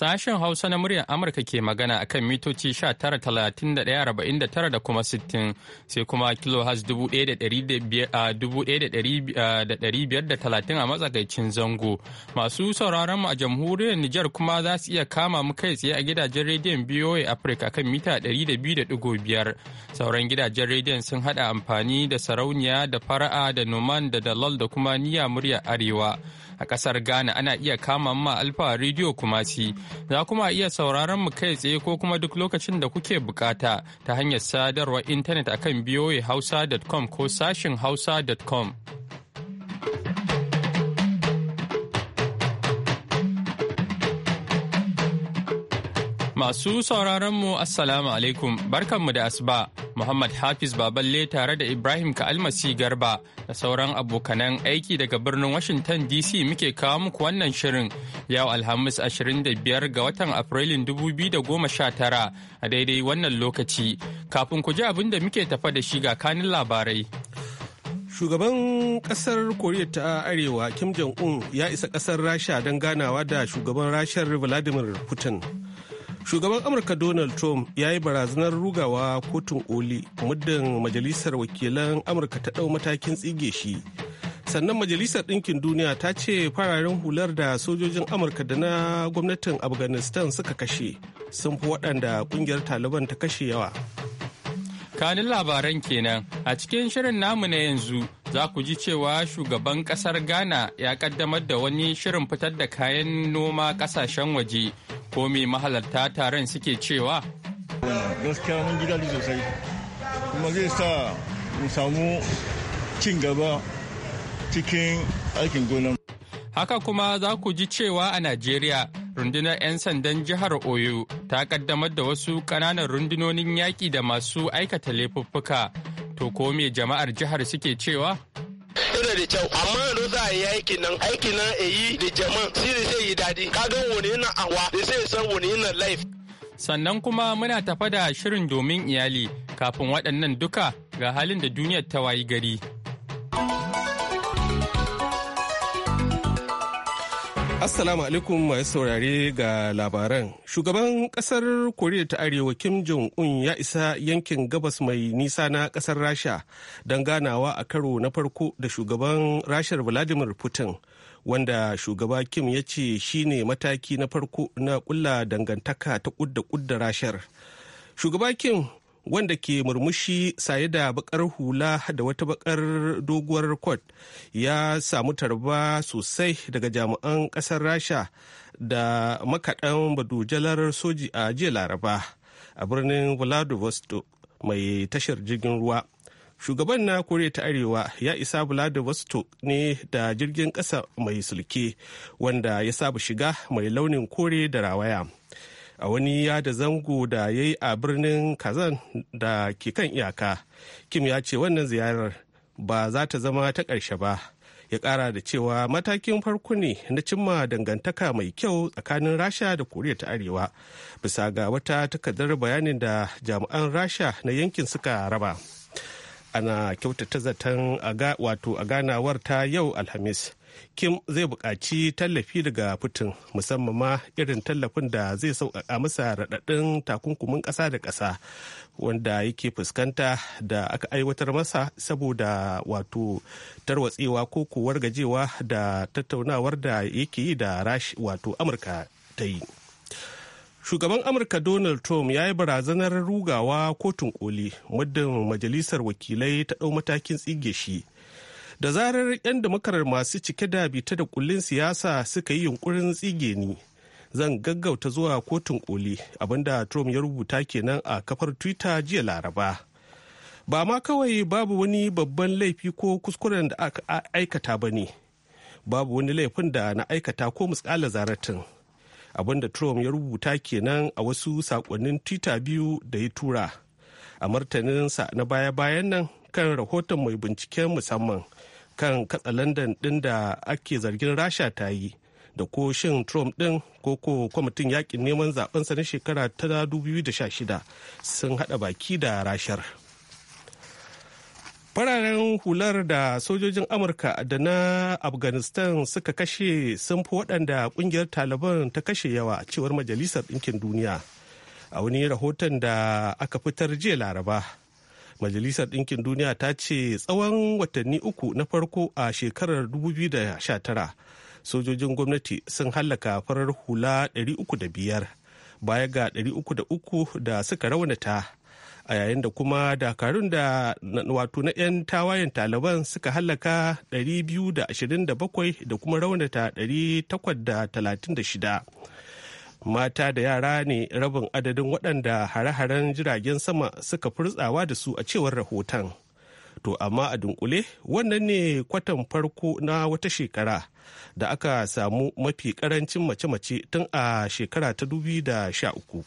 Sashen Hausa na muryar Amurka ke magana a kan mitoci 19,31 da kuma 60 sai kuma kilohaz 1,530 a matsakaicin zango. Masu sauraron mu a jamhuriyar Nijar kuma za su iya kama mu kai tsaye a gidajen rediyon BOA Africa kan mita 200.5. Sauran gidajen rediyon sun hada amfani da sarauniya da fara'a da noman da dalal da kuma niyya muryar Arewa. a kasar Ghana ana iya kama ma Alfa Radio Kumasi. Za kuma iya sauraron mu kai tsaye ko kuma duk lokacin da kuke bukata ta hanyar sadarwar intanet akan voahausa.com ko sashin hausa.com. Masu sauraronmu Assalamu alaikum barkanmu da asuba Muhammad Hafiz Baballe tare da Ibrahim Ka'almasi Garba da sauran abokanan aiki daga birnin Washington DC muke kawo muku wannan shirin yau Alhamis 25 ga watan Afrilun 2019 a daidai wannan lokaci. Kafin ku ji abin da muke tafa da shi ga kanin labarai. Shugaban ƙasar Koriya ta Arewa Kim Jong-un ya isa ƙasar Rasha don ganawa da shugaban Rashar Vladimir Putin. shugaban amurka donald trump ya yi barazanar rugawa kotun oli muddin majalisar wakilan amurka ta ɗau matakin tsige shi sannan majalisar ɗinkin duniya ta ce fararen hular da sojojin amurka da na gwamnatin afghanistan suka kashe sun fi waɗanda ƙungiyar taliban ta kashe yawa kanin labaran kenan a cikin shirin namu na yanzu za ku ji cewa shugaban kasar ghana ya kaddamar da wani shirin fitar da kayan noma kasashen waje ko mai mahalarta taron suke cewa gaskiya mun sosai kuma zai sa mu samu cin gaba cikin aikin gona haka kuma za ku ji cewa a najeriya rundunar 'yan sandan jihar oyo ta kaddamar da wasu ƙananan rundunonin yaƙi da masu aikata laifuffuka to ko me jama'ar jihar suke cewa yana da kyau amma yanzu za a yi aiki nan aiki nan a yi da jama'a shi ne sai yi daɗi ka ga wani yana awa da sai san wani yana laif. sannan kuma muna tafa da shirin domin iyali kafin waɗannan duka ga halin da duniyar ta wayi gari. Assalamu alaikum masu saurare ga labaran. Shugaban kasar Koriya ta Arewa Kim Jong-un ya isa yankin gabas mai nisa na kasar Rasha don ganawa a karo na farko da shugaban Rashar Vladimir Putin, wanda shugaba Kim ya ce shi ne mataki na farko na kulla dangantaka ta kudda kudda Rashar. Shugaba Kim wanda ke murmushi saye da bakar hula da wata bakar doguwar kwat ya samu tarba sosai daga jami'an kasar rasha da makaɗan badujalar soji a jiya laraba a birnin vladivostok mai tashar jirgin ruwa shugaban na koriya ta arewa ya isa vladivostok ne da jirgin ƙasa mai sulke wanda ya saba shiga mai launin kore da rawaya a wani yada zango da ya yi a birnin kazan da ke kan iyaka kim ya ce wannan ziyarar ba za ta zama ta ƙarshe ba ya ƙara da cewa matakin farko ne na cimma dangantaka mai kyau tsakanin rasha da koriya ta arewa bisa ga wata takardar bayanin da jami'an rasha na yankin suka raba. ana kyautata zaton wato a ganawar ta yau alhamis kim zai buƙaci tallafi daga putin musamman ma irin tallafin da zai sauƙaƙa masa raɗaɗin takunkumin ƙasa da ƙasa wanda yake fuskanta da aka aiwatar masa saboda wato tarwatsewa ko kuwar gajewa da tattaunawar da yake yi da rashi wato amurka ta yi shugaban amurka donald trump ya yi barazanar rugawa kotun koli muddin majalisar wakilai ta ɗau matakin tsige shi da zarar 'yan damakarar masu cike da bita da kullin siyasa suka yi yunkurin tsige ni zan gaggauta zuwa kotun koli abinda trump ya rubuta kenan a kafar twitter jiya laraba ba ma kawai babu wani babban laifi ko kuskuren da aka aikata ba ne babu wani laifin da na aikata ko muskala zaratin abinda trump ya rubuta kenan a wasu sakonnin twitter biyu da ya tura a martaninsa na baya-bayan nan kan rahoton mai binciken musamman kan katsalandan din da ake zargin rasha ta yi da ko shin trump din ko ko kwamitin yakin neman zabensa na shekara ta 2016 sun haɗa baki da rashar. fararen hular da sojojin amurka da na afghanistan suka kashe sun fi waɗanda ƙungiyar taliban ta kashe yawa a cewar majalisar ɗinkin duniya a wani rahoton da aka fitar jiya laraba majalisar ɗinkin duniya ta ce tsawon watanni uku na farko a shekarar 2019 sojojin gwamnati sun hallaka farar hula 305 baya ga 303 da suka raunata a yayin da kuma dakarun da wato na 'yan tawayen taliban suka hallaka 227 da kuma raunata 836 mata da yara ne rabin adadin waɗanda hare-haren jiragen sama suka furtsawa da su a cewar rahoton to amma a dunkule wannan ne kwatan farko na wata shekara da aka samu mafi karancin mace-mace tun a shekara ta 2013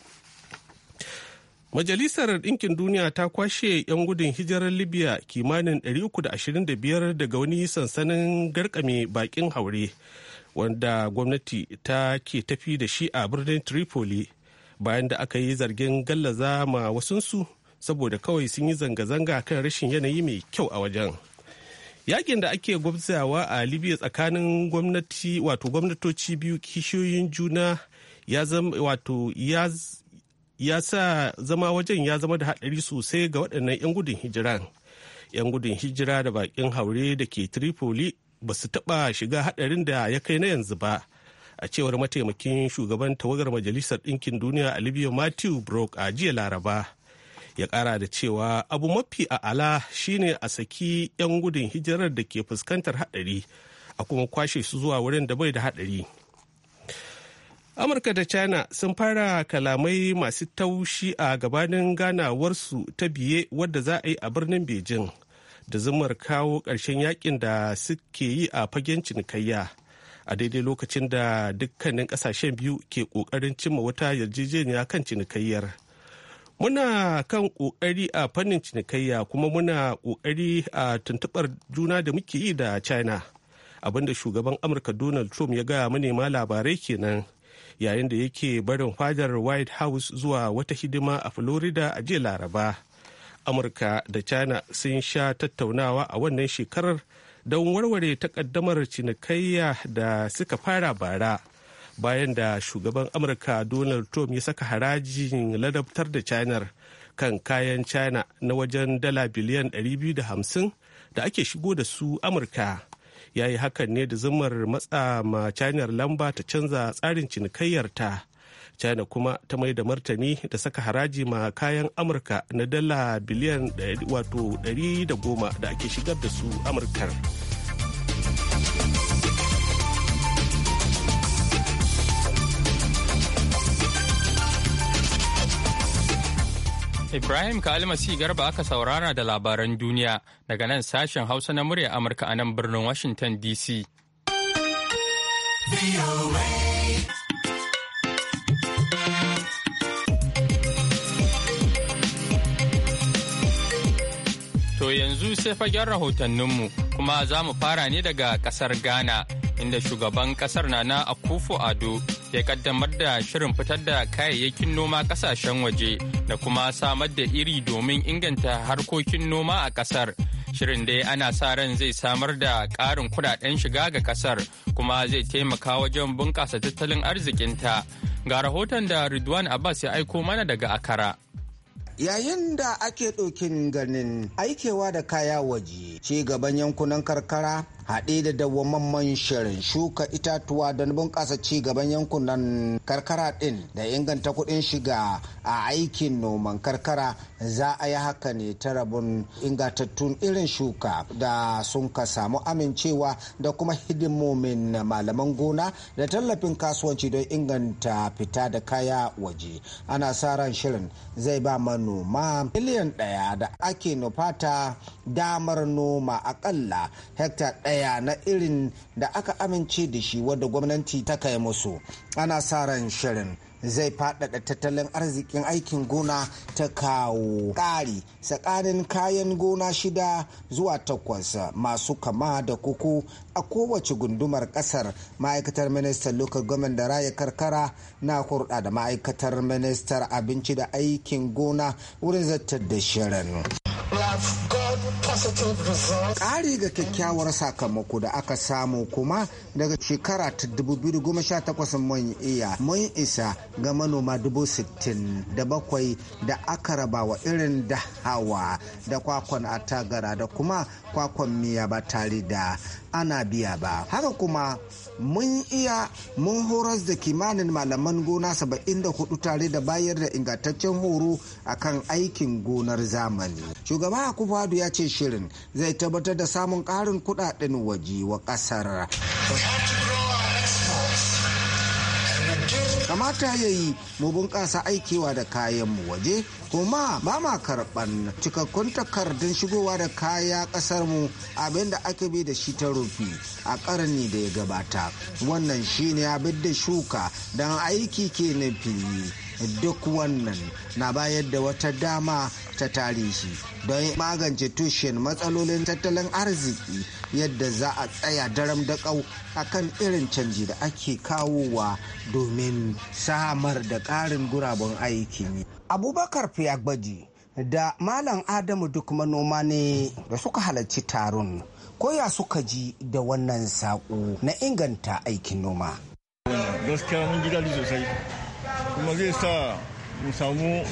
Majalisar Ɗinkin Duniya ta kwashe 'yan gudun hijirar Libya kimanin 325 daga wani sansanin garkame bakin haure wanda gwamnati ta ke tafi da shi a birnin Tripoli bayan da aka yi zargin gallaza ma wasunsu saboda kawai sun yi zanga-zanga kan rashin yanayi mai kyau a wajen. Yakin da ake gwabzawa a Libya tsakanin gwamnati wato gwamnatoci biyu kishiyoyin juna ya zama wato ya ya sa zama wajen ya zama da haɗari sosai ga waɗannan 'yan gudun hijira. 'Yan gudun hijira da bakin haure da ke Tripoli ba su taɓa shiga haɗarin da ya kai na yanzu ba. A cewar mataimakin shugaban tawagar Majalisar Ɗinkin Duniya a Olivia Matthew Brock a jiya Laraba. Ya ƙara da cewa abu mafi a'ala shine a saki 'yan gudun hijirar da ke fuskantar haɗari a kuma kwashe su zuwa wurin da bai da haɗari. amurka da china sun fara kalamai masu taushi a gabanin ganawarsu ta biye wadda za a yi a birnin beijing da zumar kawo ƙarshen yakin da suke yi a fagen cinikayya a daidai lokacin da dukkanin ƙasashen biyu ke ƙoƙarin cimma wata yarjejeniya kan cinikayyar muna kan ƙoƙari a fannin cinikayya kuma muna ƙoƙari a tuntuɓar juna da muke yi da china abinda shugaban amurka donald trump ya gaya manema labarai kenan yayin da yake barin fadar white house zuwa wata hidima a florida a jiya laraba amurka da china sun sha tattaunawa a wannan shekarar don warware takaddamar cinikayya da suka fara bara bayan da shugaban amurka donald trump ya saka harajin ladabtar da china kan kayan china na wajen dala biliyan 250 da ake shigo da su amurka ya yi hakan ne da zumar matsa ma china lamba ta canza tsarin cinikayyarta china kuma ta mai da martani da saka haraji ma kayan amurka na dala biliyan wato 110 da ake shigar da su amurkar. Ibrahim si Garba aka saurara da labaran duniya daga nan sashen Hausa na murya Amurka a nan birnin Washington DC. To yanzu sai fagen rahotanninmu kuma za mu fara ne daga kasar Ghana inda shugaban kasar na Akufo Ado ya kaddamar da shirin fitar da kayayyakin noma kasashen waje da kuma samar da iri domin inganta harkokin noma a kasar Shirin dai ana sa ran zai samar da ƙarin kudaden shiga ga kasar kuma zai taimaka wajen bunƙasa tattalin arzikinta. Ga rahoton da Ridwan Abbas ya aiko mana daga Akara. yayin da ake ɗokin ganin aikewa da kaya waje ci gaban yankunan karkara haɗe da dawwamamman shirin shuka itatuwa don bunƙasa ci gaban yankunan karkara ɗin da inganta kuɗin shiga a aikin noman karkara za a yi haka ne ta rabon ingantattun irin shuka da sun ka samu amincewa da kuma hidimomin malaman gona da tallafin kasuwanci don inganta fita da kaya waje ana sa ran shirin zai ba manoma miliyan ɗaya da ake nufata damar noma akalla hekta ɗaya ɗaya na irin da aka amince da shi wadda gwamnati ta kai musu ana sa ran shirin zai faɗaɗa tattalin arzikin aikin gona ta kawo ƙari tsakanin kayan gona shida zuwa takwas masu kama da kuku a kowace gundumar ƙasar ma'aikatar ministan local government da raya karkara na kurɗa da ma'aikatar ministar abinci da aikin gona wurin zartar da shirin. Ƙari ga kyakkyawar sakamako da aka samu kuma daga shekara ta 2018 mun iya mun isa ga manoma sittin da bakwai da aka raba wa irin da hawa da kwakwan atagara da kuma kwakwan miya ba tare da ana biya ba haka kuma mun iya mun horas da kimanin malaman gona 74 tare da bayar da ingantaccen horo a kan aikin gonar zamani shugaba Akufadu ya ce shirin zai tabbatar da samun ƙarin kuɗaɗen waje wa ƙasar kamata ya yi mu bunƙasa aikewa da kayan mu waje kuma ba ma karɓan cikakkun takardun shigowa da kaya mu abin da aka bi da shi ta rufi a ƙarni da ya gabata wannan shine abin da shuka don aiki ke na fili duk wannan na bayar da wata dama ta tarihi don magance tushen matsalolin tattalin arziki yadda za a tsaya daram da kau akan irin canji da ake kawowa domin samar da ƙarin guraben aikin yi abubakar fiyagbaji da malam adamu duk manoma ne da suka halarci taron koya suka ji da wannan saƙo na inganta aikin noma gaskiya mun ji daɗi sosai kuma zai sa mu samu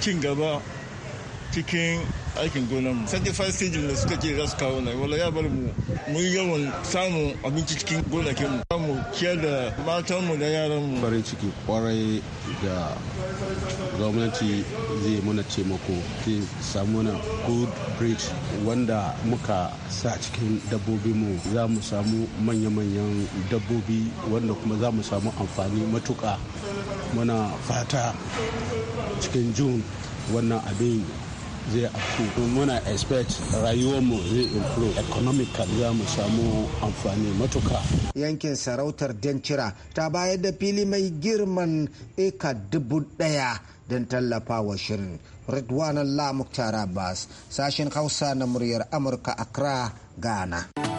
cin gaba cikin aikin gonar mu sacrifice season da suka ce za kawo na wala ya bar mu mun yawan samun abinci cikin gonakin mu mu ciyar da matan mu da yaran mu farin ciki kwarai da gwamnati zai mana taimako zai samu na good bridge wanda muka sa cikin dabbobi mu za mu samu manya-manyan dabbobi wanda kuma za mu samu amfani matuka muna fata cikin june wannan abin zai afku muna expect rayuwarmu zai improve economically za mu samu amfani matuka yankin sarautar dencira ta bayar da fili mai girman eka dubu daya don tallafa wa shirin ridwan lamuk muktar abbas sashen hausa na muryar amurka accra ghana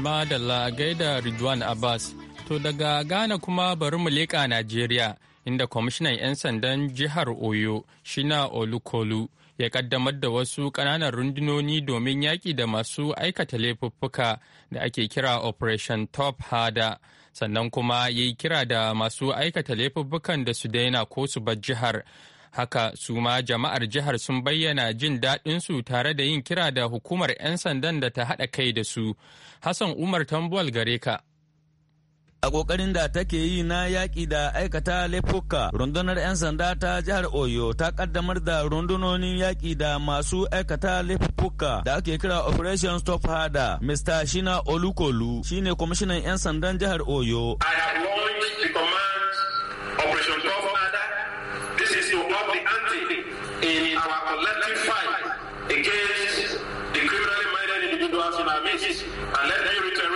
Madalla gaida Ridwan Abbas. To daga Ghana kuma bari mu leƙa Najeriya inda kwamishinan 'yan sandan jihar Oyo Shina Olukolu ya kaddamar da wasu ƙananan rundunoni domin yaƙi da masu aikata laifuffuka da ake kira Operation Top Hada. Sannan kuma ya yi kira da masu aikata laifuffukan da su daina ko su bar jihar haka su ma jama'ar jihar sun bayyana jin daɗin su tare da yin kira da hukumar 'yan sandan da ta haɗa kai da su hassan umar tambuwal gare ka a ƙoƙarin da take yi na yaƙi da aikata laifuka rundunar 'yan sanda ta jihar oyo ta ƙaddamar da rundunonin yaƙi da masu aikata laifuka da ake kira operation stop harder mr shina olukolu shine kwamishinan 'yan sandan jihar oyo i have launched the command operation stop harder This is to up the ante in our collective fight against the criminally minded individuals in our midst and let them return.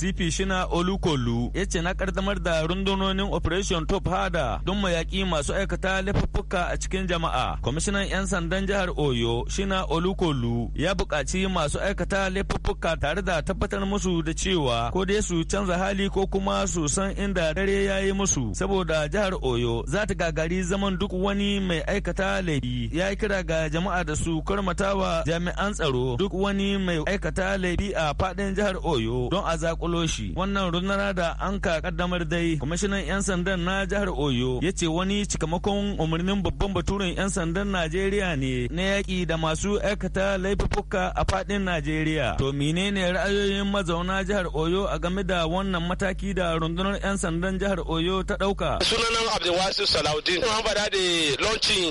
cp shina olukolu ya ce na kardamar da rundunonin operation top hada don mayaki masu aikata laifuffuka a cikin jama'a kwamishinan 'yan sandan jihar oyo shina olukolu ya buƙaci masu aikata laifuffuka tare da tabbatar musu da cewa ko dai su canza hali ko kuma su san inda dare ya yi musu saboda jihar oyo za ta gagari zaman duk wani mai aikata laifi ya yi kira ga jama'a da su karmatawa jami'an tsaro duk wani mai aikata laifi a faɗin jihar oyo don a zakul zakulo shi wannan rundunar da an ka kaddamar dai kwamishinan 'yan sandan na jihar oyo ya ce wani cikamakon umarnin babban baturen 'yan sandan najeriya ne na yaƙi da masu aikata laifuka a faɗin najeriya to menene ra'ayoyin mazauna jihar oyo a game da wannan mataki da rundunar 'yan sandan jihar oyo ta ɗauka sunanan abdulwasu salaudin an fada da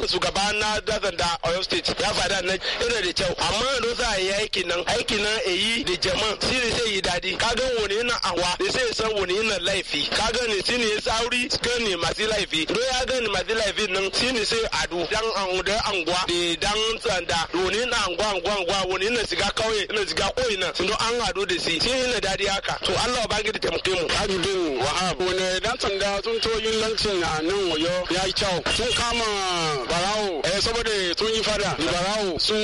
su gaba na dazan da oyo state ya fada na yana da kyau amma don za a yi aikin nan aikin nan a da jama'a shi ne sai yi daɗi kaga wani yana awa da sai san wani yana laifi ka gani shi ne tsauri gani masu laifi do ya gani masu laifi nan shi ne sai adu dan an da angwa da dan tsanda wani na angwa angwa angwa wani yana shiga kauye yana shiga koyi nan sun an adu da shi shi yana dadi haka to Allah ba ki da tamke mu Abidin Wahab wani dan tsanda sun to yin lancin a nan wayo ya yi kyau sun kama barawo eh saboda sun yi fada barawo sun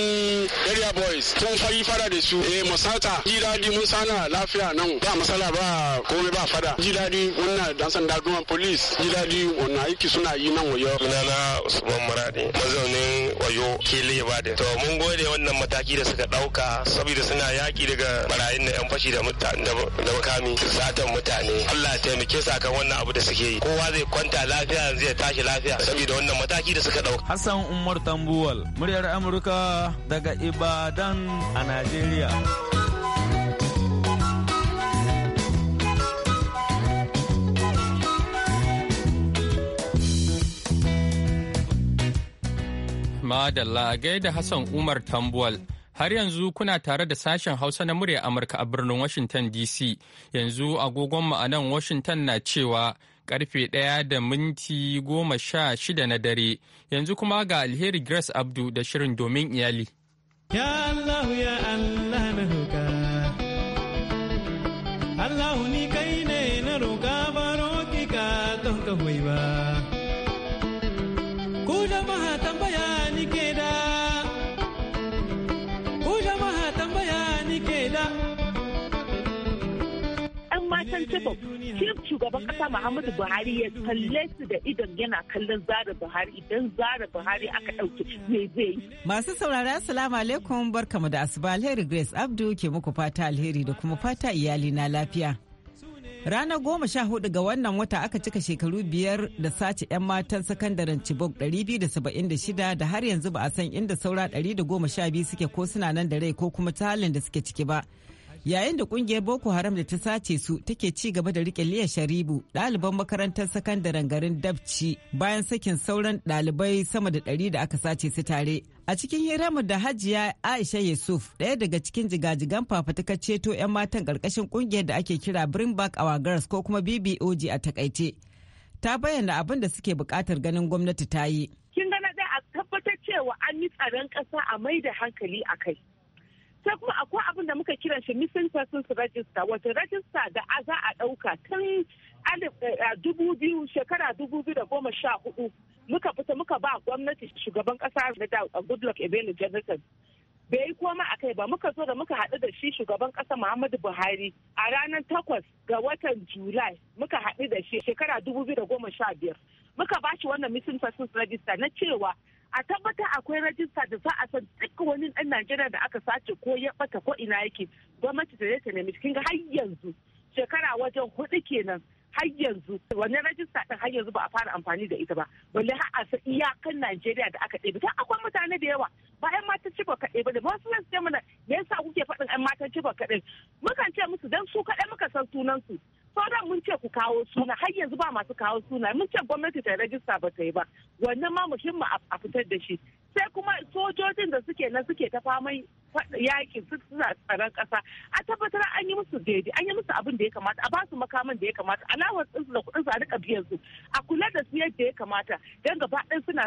area boys sun fayi fada da su eh musata ji dadi musana lafiya nan ba ba matsala ba komai ba fada ji daɗi wannan dan sanda goma police ji daɗi wannan aiki suna yi nan wayo na usman maradi mazaunin wayo kele da to mun gode wannan mataki da suka ɗauka saboda suna yaƙi daga barayin da yan fashi da mutane da makami satan mutane allah ya taimake su akan wannan abu da suke yi kowa zai kwanta lafiya zai tashi lafiya saboda wannan mataki da suka ɗauka hassan umar tambuwal muryar amurka daga ibadan a najeriya Madalla a gaida Hassan Umar Tambuwal. Har yanzu kuna tare da sashen Hausa na murya Amurka a birnin Washington DC. Yanzu agogonmu a nan Washington na cewa karfe ɗaya da minti goma sha shida na dare. Yanzu kuma ga Alheri Grace Abdu da shirin domin iyali. Ya Allah ya Allah na Allah ni capable cikin shugaban kasa muhammadu buhari ya kalle su da idan yana kallon zara buhari idan zara buhari aka ɗauke me zai yi masu saurara assalamu alaikum barkamu da asuba alheri grace abdu ke muku fata alheri da kuma fata iyali na lafiya Ranar goma sha hudu ga wannan wata aka cika shekaru biyar da sace 'yan matan sakandaren Chibok 276 da har yanzu ba a san inda saura 112 suke ko suna nan da rai ko kuma halin da suke ciki ba. yayin da kungiyar boko haram da ta sace su take ci gaba da rike liya sharibu ɗaliban makarantar sakandaren garin dabci bayan sakin sauran ɗalibai sama da ɗari da aka sace su tare a cikin hiramu da hajiya aisha yusuf ɗaya daga cikin jigajigan fafatukar ceto 'yan matan ƙarƙashin kungiyar da ake kira bring back our girls ko kuma bbog a takaice ta bayyana abin da suke buƙatar ganin gwamnati ta yi kin gana da a tabbatar cewa an yi tsaron ƙasa a mai da hankali a kai sai kuma akwai abin da muka kira shi missing persons register wato register da a za a ɗauka tun eh, dubu biyu shekara dubu biyu da goma sha hudu muka fita muka ba gwamnati shugaban kasa na da uh, goodluck ebele jonathan bai koma a kai ba muka zo da muka haɗu da shi shugaban ƙasa muhammadu buhari a ranar takwas ga watan july muka haɗu da shi shekara dubu biyu da goma sha biyar muka ba shi wannan missing persons register na cewa a tabbatar akwai rajista da za a san duk wani ɗan Najeriya da aka sace ko ya ɓata ko ina yake gwamnati da ta nemi cikin har yanzu shekara wajen hudu kenan har yanzu wani rajista ɗin har yanzu ba a fara amfani da ita ba balle har a san iyakan Najeriya da aka ɗebe ta akwai mutane da yawa ba ƴan matan ci ba kaɗai ba da wasu zan ce mana me yasa kuke faɗin ƴan matan ci ba kaɗai mukan ce musu dan su kaɗai muka san sunan su sauran mun ce ku kawo suna har yanzu ba masu kawo suna mun ce gwamnati ta rajista ba ta yi ba wannan ma muhimmi a fitar da shi sai kuma sojojin da suke na suke ta fama yaƙi suna tsaron ƙasa a tabbatar an yi musu daidai an yi musu abin da ya kamata a ba makaman da ya kamata alawar da kuɗin su a rika biyan su a kula da su yadda ya kamata don gaba ɗin suna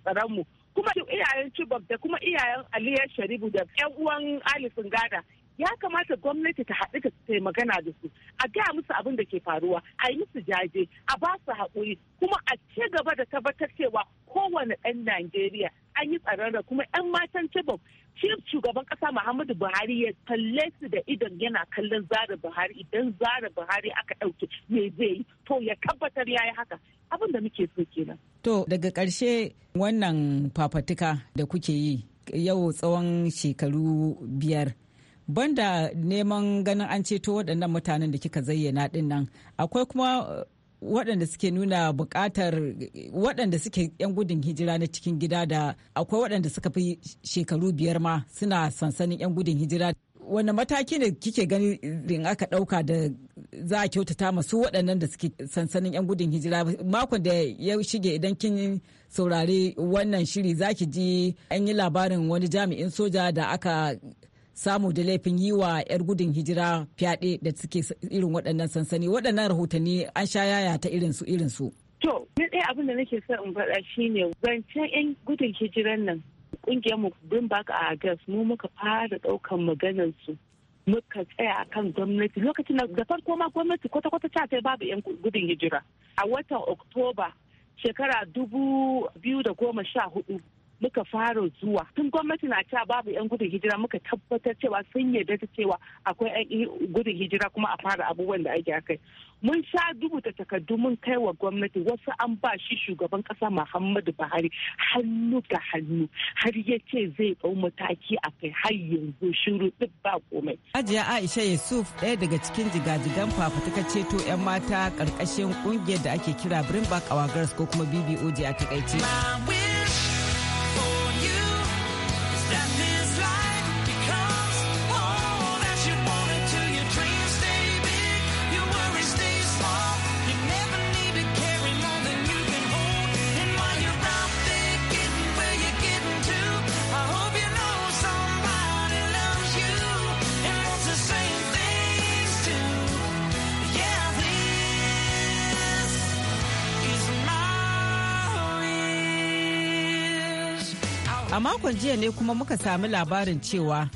tsaron mu kuma iyayen Chibok da kuma iyayen Aliyar Sharibu da ƴan uwan Alifin Gada ya kamata gwamnati ta haɗu ta magana da su a gaya musu abin da ke faruwa a yi musu jaje a ba su haƙuri kuma a cigaba gaba da tabbatar cewa kowane ɗan najeriya an yi tsararra kuma ɗan matan cibok chief shugaban ƙasa muhammadu buhari ya kalle su da idon yana kallon zara buhari idan zara buhari aka ɗauke me zai yi to ya tabbatar ya yi haka abin da muke so kenan. to daga ƙarshe wannan fafatuka da kuke yi yau tsawon shekaru biyar banda neman ganin an ceto waɗannan mutanen da kika zayyana ɗin nan akwai kuma uh, waɗanda suke nuna buƙatar waɗanda suke 'yan gudun hijira na cikin gida da akwai waɗanda suka fi shekaru biyar ma suna sansanin 'yan gudun hijira wanda mataki ne kike gani in aka ɗauka da za a kyautata masu waɗannan da suke sansanin 'yan gudun hijira makon da ya shige idan kin saurari wannan shiri zaki ki ji an yi labarin wani jami'in soja da aka samu da laifin yi wa 'yar gudun hijira fyaɗe da suke irin waɗannan sansani waɗannan rahotanni an sha yaya ta irinsu irinsu. To, ni ɗaya abin da nake son in faɗa shine zancen 'yan gudun hijiran nan ƙungiyar mu bin back a gas mu muka fara ɗaukan maganar su muka tsaya akan gwamnati lokacin da farko ma gwamnati kwata-kwata ta ta babu 'yan gudun hijira a watan Oktoba shekara dubu biyu da goma sha hudu muka fara zuwa tun gwamnati na cewa babu 'yan gudun hijira muka tabbatar cewa sun yarda da cewa akwai 'yan gudun hijira kuma a fara abubuwan da ake akai mun sha rubuta takardu mun kai wa gwamnati wasu an ba shi shugaban kasa muhammadu buhari hannu ga hannu har ya ce zai dau mataki a kai har yanzu shiru duk ba komai. ajiya aisha yusuf ɗaya daga cikin jigajigan fafutuka ceto 'yan mata ƙarƙashin ƙungiyar da ake kira brimback awa ko kuma bboj a takaice. A makon jiya ne kuma muka sami labarin cewa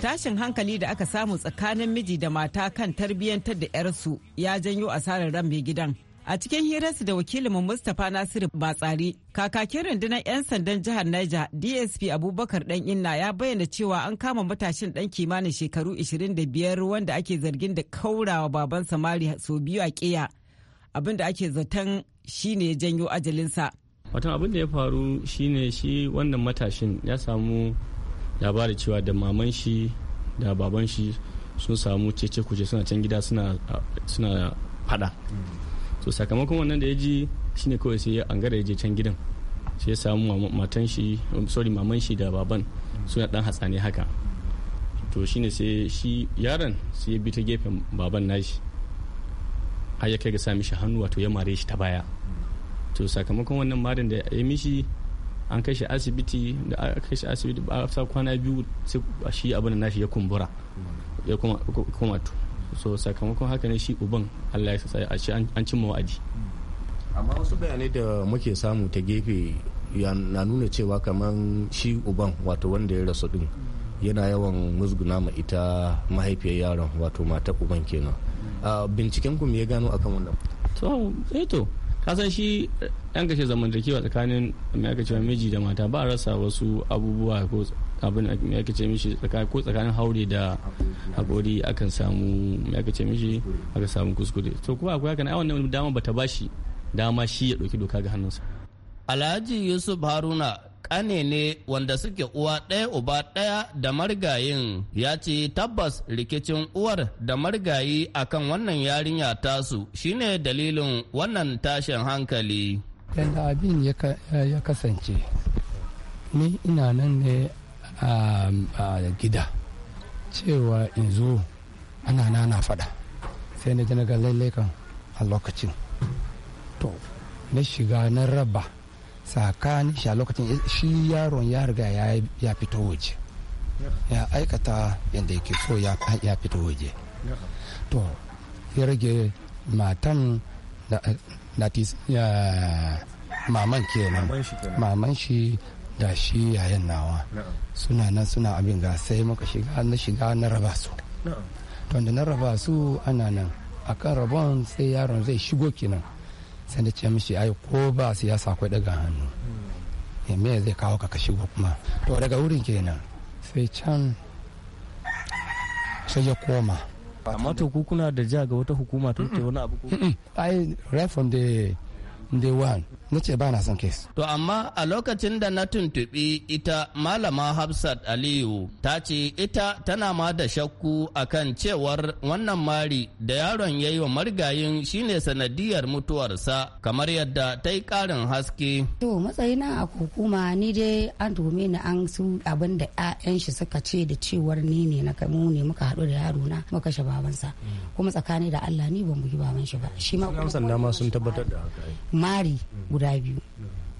tashin hankali da aka samu tsakanin miji da mata kan tarbiyyantar da 'yarsu ya janyo asarar ran mai gidan. A cikin hirarsu da wakilinmu Mustapha Nasiru Batsari, kakakin rundunar 'yan sandan jihar Niger DSP Abubakar Dan Inna ya bayyana cewa an kama matashin ɗan kimanin shekaru 25 wanda ake zargin da kaurawa baban samari sau biyu a ƙiya. Abin da ake zaton shine ya janyo ajalinsa. watan abin da ya faru shine shi wannan matashin ya samu labari cewa da maman shi da baban shi sun samu cece kuce suna can gida suna fada so sakamakon wannan da ya ji shine kawai sai ya angara ya je can gidan sai ya samu matan shi sorry maman shi da baban suna dan hatsane haka to shine sai shi yaron sai ya bi ta gefen baban nashi har ya kai ga sami shi hannu wato ya mare shi ta baya to sakamakon wannan marin da ya mishi an kashe asibiti da aka kashe asibiti ba a kwana biyu sai shi abin nashi ya kumbura ya kuma to so sakamakon haka ne shi uban Allah ya sa a shi an cimma wa'adi amma wasu bayanai da muke samu ta gefe na nuna cewa kamar shi uban wato wanda ya rasu din yana yawan musguna ma ita mahaifiyar yaron wato mata uban kenan binciken ku me ya gano akan wannan to eh to kasan shi yan eh, kashe zamantakewa tsakanin mai aka cewa miji da mata ba rasa wasu abubuwa ko abin mai aka ce mishi ko tsakanin haure da hakori akan samu mai aka ce mishi aka samu kuskure to kuma akwai hakan ai wannan dama bata bashi dama shi ya ɗauki doka ga hannunsa Alhaji Yusuf Haruna ƙane ne wanda suke uwa ɗaya uba ɗaya da marigayin ya ce tabbas rikicin uwar da marigayi akan wannan yarinya tasu shine dalilin wannan tashin hankali. Yadda abin ya kasance, ni ina nan ne a gida cewa in zo ana nana faɗa sai na na a lokacin. To, na shiga na raba. tsakanin shi a lokacin shi yaron ya riga ya fito waje ya aikata yadda yake so ya fito waje to ya rage matan da maman kenan maman shi da shi yayan nawa suna nan suna abin ga sai muka shiga na shiga na raba su to da na raba su ana nan akan rabon sai yaron zai shigo kenan sai na ce mishi ai ko ba siyasa akwai daga hannu hmm. ya me zai kawo ka kashi kuma to daga wurin kenan sai can sai ya koma amma to kuna da ja ga wata hukuma ta wani abu ai right from one na ce ba na son kes. To amma a lokacin da na tuntuɓi ita malama Hafsat Aliyu ta ce ita tana ma da shakku akan cewar wannan mari da yaron ya yi wa marigayin shi ne sanadiyar mutuwarsa kamar yadda ta yi ƙarin haske. To matsayina a hukuma ni dai an tuhume ni an su abin da 'ya'yan shi suka ce da cewar ni ne na kai ne muka haɗu da yaro na muka kashe babansa kuma tsakani da Allah ni ban bugi baban shi ba. Shi ma sun tabbatar da haka. Mari guda guda biyu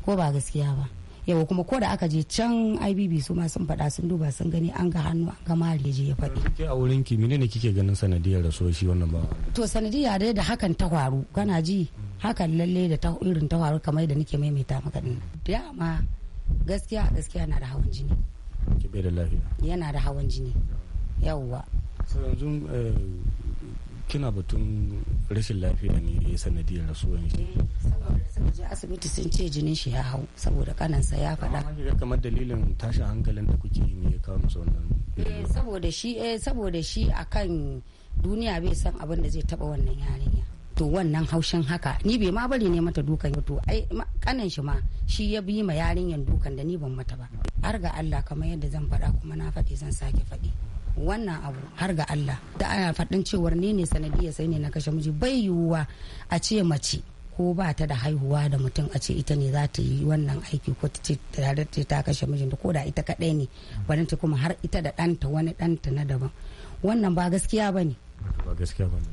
ko ba gaskiya ba yau kuma ko da aka je can ibb su ma sun faɗa sun duba sun gani an ga hannu an ga mari je ya faɗi kike a wurin ki ne kike ganin sanadiyar rasuwar shi wannan ba to sanadiya dai da hakan ta faru kana ji hakan lalle da ta irin ta faru kamar da nake maimaita maka din da ma gaskiya gaskiya na da hawan jini ki bai da lafiya yana da hawan jini yawwa yanzu eh, kina batun rashin lafiya ne ya sanadiyar rasuwan shi eh, saboda je asibiti sun ce jinin shi ya hau saboda kanansa ya faɗa kamar dalilin tashin hankalin da kuke yi ne ya kawo musu wannan eh, saboda shi eh saboda akan duniya bai san abin da zai taba wannan yarinya to wannan haushin haka ni bai ma bari ne mata dukan to ai kanan shi ma shi ya bi ma yarinyan dukan da ni ban mata ba har ga Allah kamar yadda zan faɗa kuma na faɗi zan sake faɗi wannan abu har ga Allah da ana faɗin cewar ne ne sanadiyar sai ne na kashe miji bai yiwuwa a ce mace ko ba ta da haihuwa da mutum a ce ita ne za ta yi wannan aiki ko ta ce tare ta kashe mijin ko da ita kaɗai ne wani ta kuma har ita da ɗanta wani ɗanta na daban wannan ba gaskiya ba ne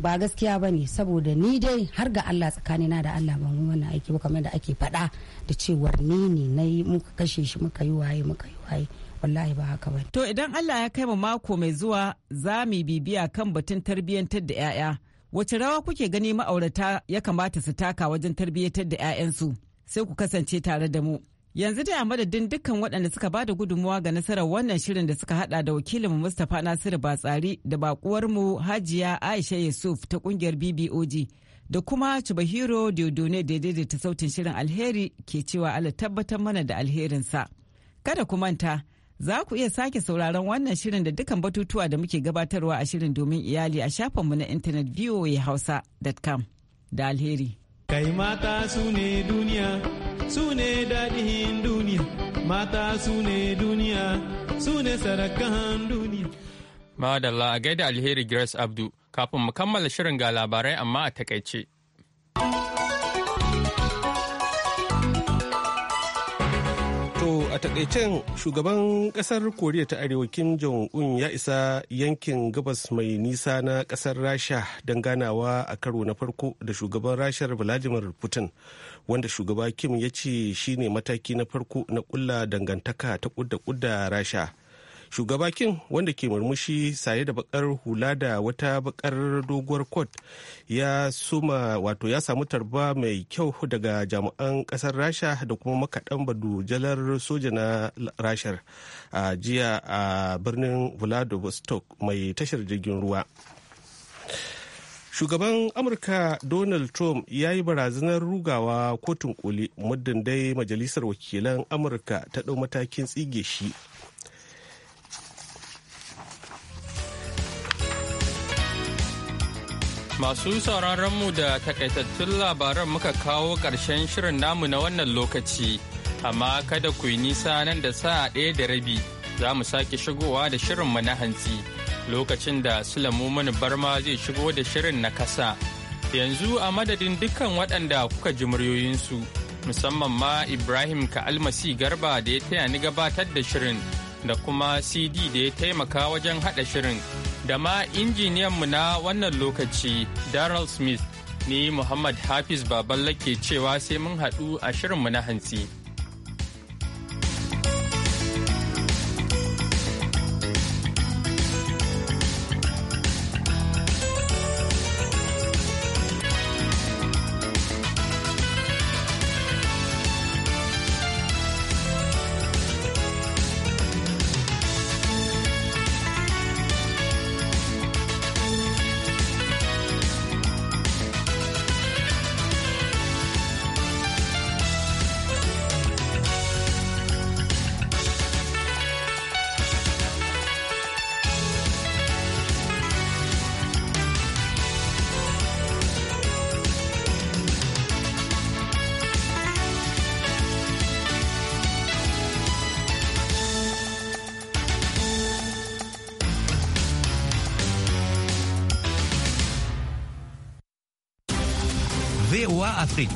ba gaskiya ba ne saboda ni dai har ga Allah tsakanina da Allah ban wannan aiki ba kamar da ake faɗa da cewar ni ne na yi muka kashe shi muka yi waye muka yi waye wallahi ba haka bane to idan Allah ya kai mu mako mai zuwa za mu bibiya kan batun tarbiyyantar da 'ya'ya wace rawa kuke gani ma'aurata ya kamata su taka wajen tarbiyyantar da 'ya'yansu sai ku kasance tare da mu yanzu da madadin dukkan waɗanda suka ba da gudunmuwa ga nasarar wannan shirin da suka haɗa da wakilinmu mustapha nasiru batsari da bakuwarmu hajiya aisha yusuf ta kungiyar bbog da kuma Chubahiro Diodone da ta sautin shirin alheri ke cewa Allah tabbatar mana da alherinsa. Kada ku manta, Za ku iya sake sauraron wannan shirin da dukkan batutuwa da muke gabatarwa a shirin domin iyali a shafinmu na intanet voahausa.com da alheri. Kai mata su ne duniya, su ne daɗin duniya, mata su ne duniya, su ne sarakan duniya. Madalla a gaida alheri Grace Abdu, kafin mu kammala shirin ga labarai amma a takaice. a takaicen shugaban kasar Koriya ta Arewa Kim Jong-un ya isa yankin gabas mai nisa na kasar Rasha don ganawa a karo na farko da shugaban Rashar Vladimir Putin wanda shugaba Kim ya ce shine mataki na farko na kulla dangantaka ta kudda kudda Rasha. shugaba kin wanda ke murmushi saye da bakar hula da wata bakar doguwar kot ya suma wato ya samu tarba mai kyau daga jami'an kasar rasha da kuma makaɗan badujalar soja na rashar a jiya a birnin vladivostok mai tashar jirgin ruwa shugaban amurka donald trump ya yi barazanar rugawa kotun koli muddin dai majalisar wakilan amurka ta ɗau matakin tsige shi Masu sauraron mu da takaitattun labaran muka kawo ƙarshen shirin namu na wannan lokaci, amma kada ku yi nisa nan da sa'a ɗaya da rabi za mu sake shigowa da shirinmu na hantsi lokacin da Sulamu barma zai shigo da shirin na kasa. yanzu a madadin dukkan waɗanda kuka ji muryoyinsu musamman ma ibrahim ka'almasi garba da ya taya ni gabatar da shirin da kuma cd da ya taimaka wajen haɗa shirin da ma injiniyanmu na wannan lokaci Daryl Smith ni Muhammad Hafiz Baballa ke cewa sai mun haɗu a shirinmu na hantsi. Afrique.